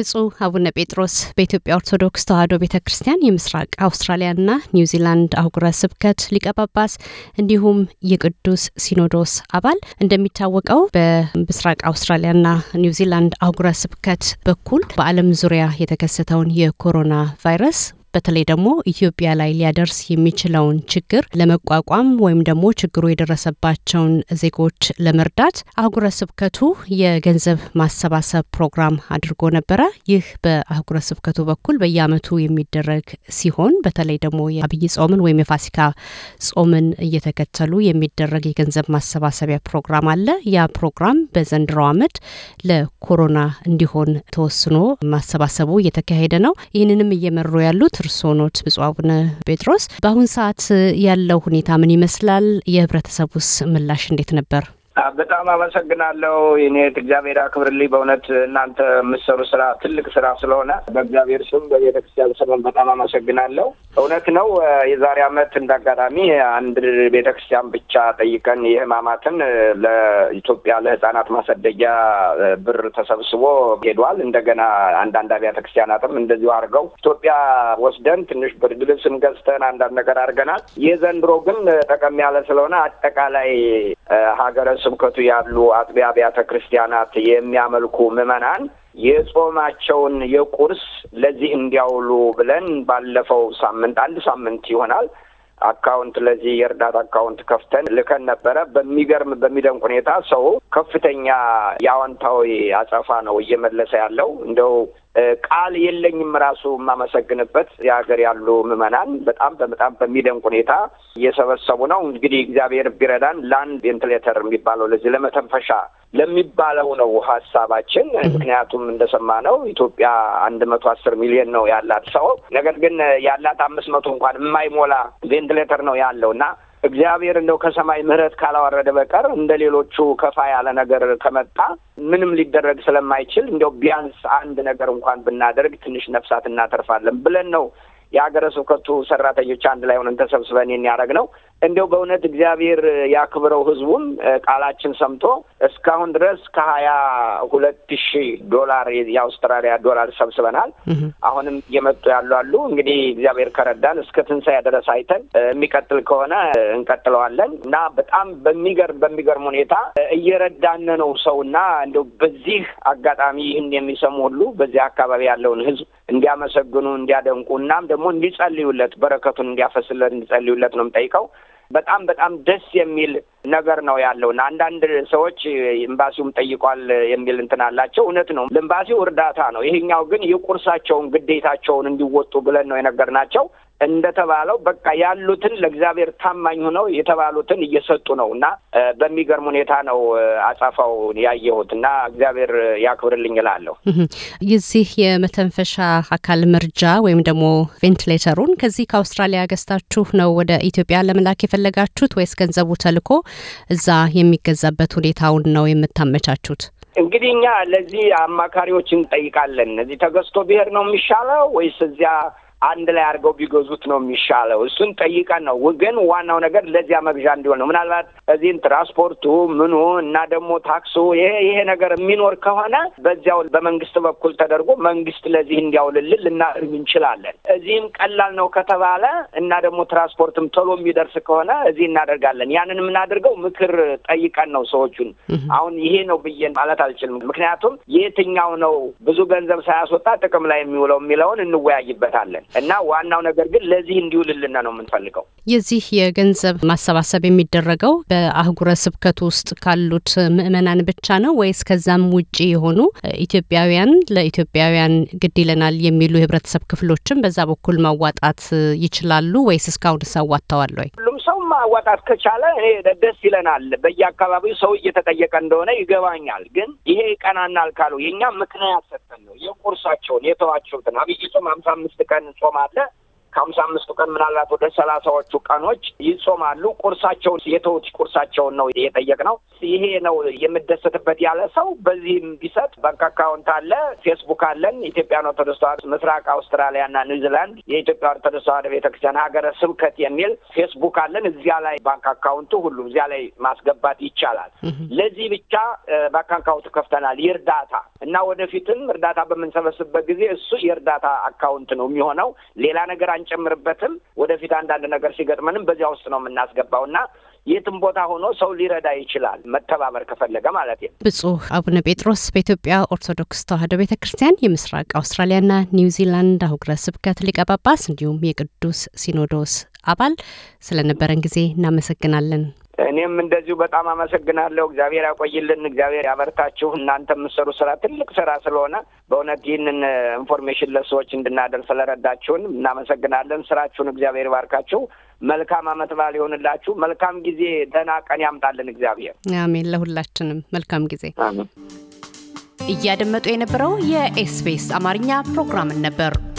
ብፁዕ አቡነ ጴጥሮስ በኢትዮጵያ ኦርቶዶክስ ተዋሕዶ ቤተ ክርስቲያን የምስራቅ አውስትራሊያና ኒውዚላንድ አህጉረ ስብከት ሊቀጳጳስ እንዲሁም የቅዱስ ሲኖዶስ አባል፣ እንደሚታወቀው በምስራቅ አውስትራሊያና ኒውዚላንድ አህጉረ ስብከት በኩል በዓለም ዙሪያ የተከሰተውን የኮሮና ቫይረስ በተለይ ደግሞ ኢትዮጵያ ላይ ሊያደርስ የሚችለውን ችግር ለመቋቋም ወይም ደግሞ ችግሩ የደረሰባቸውን ዜጎች ለመርዳት አህጉረ ስብከቱ የገንዘብ ማሰባሰብ ፕሮግራም አድርጎ ነበረ። ይህ በአህጉረ ስብከቱ በኩል በየአመቱ የሚደረግ ሲሆን በተለይ ደግሞ የአብይ ጾምን ወይም የፋሲካ ጾምን እየተከተሉ የሚደረግ የገንዘብ ማሰባሰቢያ ፕሮግራም አለ። ያ ፕሮግራም በዘንድሮ ዓመት ለኮሮና እንዲሆን ተወስኖ ማሰባሰቡ እየተካሄደ ነው። ይህንንም እየመሩ ያሉት እርሶኖት ብፁዕ አቡነ ጴጥሮስ በአሁን ሰዓት ያለው ሁኔታ ምን ይመስላል? የህብረተሰቡስ ምላሽ እንዴት ነበር? በጣም አመሰግናለሁ ይኔት እግዚአብሔር አክብርልኝ። በእውነት እናንተ የምትሰሩ ስራ ትልቅ ስራ ስለሆነ በእግዚአብሔር ስም በቤተ ክርስቲያን በጣም አመሰግናለሁ። እውነት ነው። የዛሬ አመት እንዳጋጣሚ አንድ ቤተ ክርስቲያን ብቻ ጠይቀን የህማማትን ለኢትዮጵያ ለህጻናት ማሰደጊያ ብር ተሰብስቦ ሄዷል። እንደገና አንዳንድ አብያተ ክርስቲያናትም እንደዚሁ አድርገው ኢትዮጵያ ወስደን ትንሽ ብርድ ልብስም ገዝተን አንዳንድ ነገር አድርገናል። ይህ ዘንድሮ ግን ጠቀም ያለ ስለሆነ አጠቃላይ ሀገረ ስብከቱ ያሉ አጥቢያ አብያተ ክርስቲያናት የሚያመልኩ ምዕመናን የጾማቸውን የቁርስ ለዚህ እንዲያውሉ ብለን ባለፈው ሳምንት አንድ ሳምንት ይሆናል አካውንት ለዚህ የእርዳታ አካውንት ከፍተን ልከን ነበረ። በሚገርም በሚደንቅ ሁኔታ ሰው ከፍተኛ የአዎንታዊ አጸፋ ነው እየመለሰ ያለው እንደው ቃል የለኝም ራሱ የማመሰግንበት የሀገር ያሉ ምዕመናን በጣም በጣም በሚደንቅ ሁኔታ እየሰበሰቡ ነው። እንግዲህ እግዚአብሔር ቢረዳን ለአንድ ቬንትሌተር የሚባለው ለዚህ ለመተንፈሻ ለሚባለው ነው ሀሳባችን። ምክንያቱም እንደሰማ ነው ኢትዮጵያ አንድ መቶ አስር ሚሊዮን ነው ያላት ሰው፣ ነገር ግን ያላት አምስት መቶ እንኳን የማይሞላ ቬንትሌተር ነው ያለው እና እግዚአብሔር እንደው ከሰማይ ምሕረት ካላወረደ በቀር እንደ ሌሎቹ ከፋ ያለ ነገር ከመጣ ምንም ሊደረግ ስለማይችል እንደው ቢያንስ አንድ ነገር እንኳን ብናደርግ ትንሽ ነፍሳት እናተርፋለን ብለን ነው የሀገረ ስብከቱ ሰራተኞች አንድ ላይ ሆነን ተሰብስበን ነው። እንዲያው በእውነት እግዚአብሔር ያክብረው ህዝቡም ቃላችን ሰምቶ እስካሁን ድረስ ከሀያ ሁለት ሺህ ዶላር የአውስትራሊያ ዶላር ሰብስበናል። አሁንም እየመጡ ያሉ አሉ። እንግዲህ እግዚአብሔር ከረዳን እስከ ትንሣኤ ድረስ አይተን የሚቀጥል ከሆነ እንቀጥለዋለን እና በጣም በሚገርም በሚገርም ሁኔታ እየረዳነ ነው ሰውና እንዲያው በዚህ አጋጣሚ ይህን የሚሰሙ ሁሉ በዚህ አካባቢ ያለውን ህዝብ እንዲያመሰግኑ፣ እንዲያደንቁ እናም ደግሞ እንዲጸልዩለት በረከቱን እንዲያፈስለት እንዲጸልዩለት ነው የምጠይቀው። በጣም በጣም ደስ የሚል ነገር ነው ያለው እና አንዳንድ ሰዎች ኤምባሲውም ጠይቋል የሚል እንትን አላቸው። እውነት ነው፣ ለኤምባሲው እርዳታ ነው። ይሄኛው ግን የቁርሳቸውን ግዴታቸውን እንዲወጡ ብለን ነው የነገርናቸው። እንደተባለው በቃ ያሉትን ለእግዚአብሔር ታማኝ ሆነው የተባሉትን እየሰጡ ነው እና በሚገርም ሁኔታ ነው አጻፋው ያየሁት እና እግዚአብሔር ያክብርልኝ እላለሁ። የዚህ የመተንፈሻ አካል መርጃ ወይም ደግሞ ቬንትሌተሩን ከዚህ ከአውስትራሊያ ገዝታችሁ ነው ወደ ኢትዮጵያ ለመላክ የፈለጋችሁት ወይስ ገንዘቡ ተልኮ እዛ የሚገዛበት ሁኔታውን ነው የምታመቻችሁት እንግዲህ እኛ ለዚህ አማካሪዎች እንጠይቃለን። እዚህ ተገዝቶ ብሄር ነው የሚሻለው ወይስ እዚያ አንድ ላይ አድርገው ቢገዙት ነው የሚሻለው። እሱን ጠይቀን ነው ግን ዋናው ነገር ለዚያ መግዣ እንዲሆን ነው። ምናልባት እዚህን ትራንስፖርቱ ምኑ እና ደግሞ ታክሱ ይሄ ይሄ ነገር የሚኖር ከሆነ በዚያው በመንግስት በኩል ተደርጎ መንግስት ለዚህ እንዲያውልልን ልናደርግ እንችላለን። እዚህም ቀላል ነው ከተባለ እና ደግሞ ትራንስፖርትም ቶሎ የሚደርስ ከሆነ እዚህ እናደርጋለን። ያንን የምናደርገው ምክር ጠይቀን ነው ሰዎቹን። አሁን ይሄ ነው ብዬ ማለት አልችልም። ምክንያቱም የትኛው ነው ብዙ ገንዘብ ሳያስወጣ ጥቅም ላይ የሚውለው የሚለውን እንወያይበታለን። እና ዋናው ነገር ግን ለዚህ እንዲውልልና ነው የምንፈልገው። የዚህ የገንዘብ ማሰባሰብ የሚደረገው በአህጉረ ስብከቱ ውስጥ ካሉት ምእመናን ብቻ ነው ወይስ ከዛም ውጪ የሆኑ ኢትዮጵያውያን ለኢትዮጵያውያን ግድ ይለናል የሚሉ የህብረተሰብ ክፍሎችም በዛ በኩል ማዋጣት ይችላሉ ወይስ እስካሁን አዋጥተዋል ወይ? ማዋጣት ከቻለ እኔ ደስ ይለናል። በየአካባቢው ሰው እየተጠየቀ እንደሆነ ይገባኛል። ግን ይሄ ቀናናል ካሉ የእኛ ምክንያት ሰጠን ነው የቁርሳቸውን የተዋቸውትን አብይ ጾም ሀምሳ አምስት ቀን ጾም አለ ከሀምሳ አምስቱ ቀን ምናልባት ወደ ሰላሳዎቹ ቀኖች ይጾማሉ። ቁርሳቸውን የተውት ቁርሳቸውን ነው የጠየቅነው። ይሄ ነው የምደሰትበት ያለ ሰው በዚህም ቢሰጥ ባንክ አካውንት አለ፣ ፌስቡክ አለን። ኢትዮጵያን ኦርቶዶክስ ተዋሕዶ ምስራቅ አውስትራሊያና ኒውዚላንድ የኢትዮጵያ ኦርቶዶክስ ተዋሕዶ ቤተክርስቲያን ሀገረ ስብከት የሚል ፌስቡክ አለን። እዚያ ላይ ባንክ አካውንቱ ሁሉ እዚያ ላይ ማስገባት ይቻላል። ለዚህ ብቻ ባንክ አካውንቱ ከፍተናል። የእርዳታ እና ወደፊትም እርዳታ በምንሰበስብበት ጊዜ እሱ የእርዳታ አካውንት ነው የሚሆነው ሌላ ነገር አንጨምርበትም። ወደፊት አንዳንድ ነገር ሲገጥመንም በዚያ ውስጥ ነው የምናስገባው እና የትም ቦታ ሆኖ ሰው ሊረዳ ይችላል፣ መተባበር ከፈለገ ማለት ነው። ብጹህ አቡነ ጴጥሮስ በኢትዮጵያ ኦርቶዶክስ ተዋሕዶ ቤተ ክርስቲያን የምስራቅ አውስትራሊያና ኒውዚላንድ አህጉረ ስብከት ሊቀ ጳጳስ እንዲሁም የቅዱስ ሲኖዶስ አባል ስለነበረን ጊዜ እናመሰግናለን። እኔም እንደዚሁ በጣም አመሰግናለሁ። እግዚአብሔር ያቆይልን፣ እግዚአብሔር ያበርታችሁ። እናንተ የምትሰሩ ስራ ትልቅ ስራ ስለሆነ በእውነት ይህንን ኢንፎርሜሽን ለሰዎች እንድናደርስ ስለረዳችሁን እናመሰግናለን። ስራችሁን እግዚአብሔር ይባርካችሁ። መልካም አመት በዓል ይሆንላችሁ። መልካም ጊዜ፣ ደህና ቀን ያምጣልን እግዚአብሔር። አሜን። ለሁላችንም መልካም ጊዜ። እያደመጡ የነበረው የኤስቢኤስ አማርኛ ፕሮግራምን ነበር።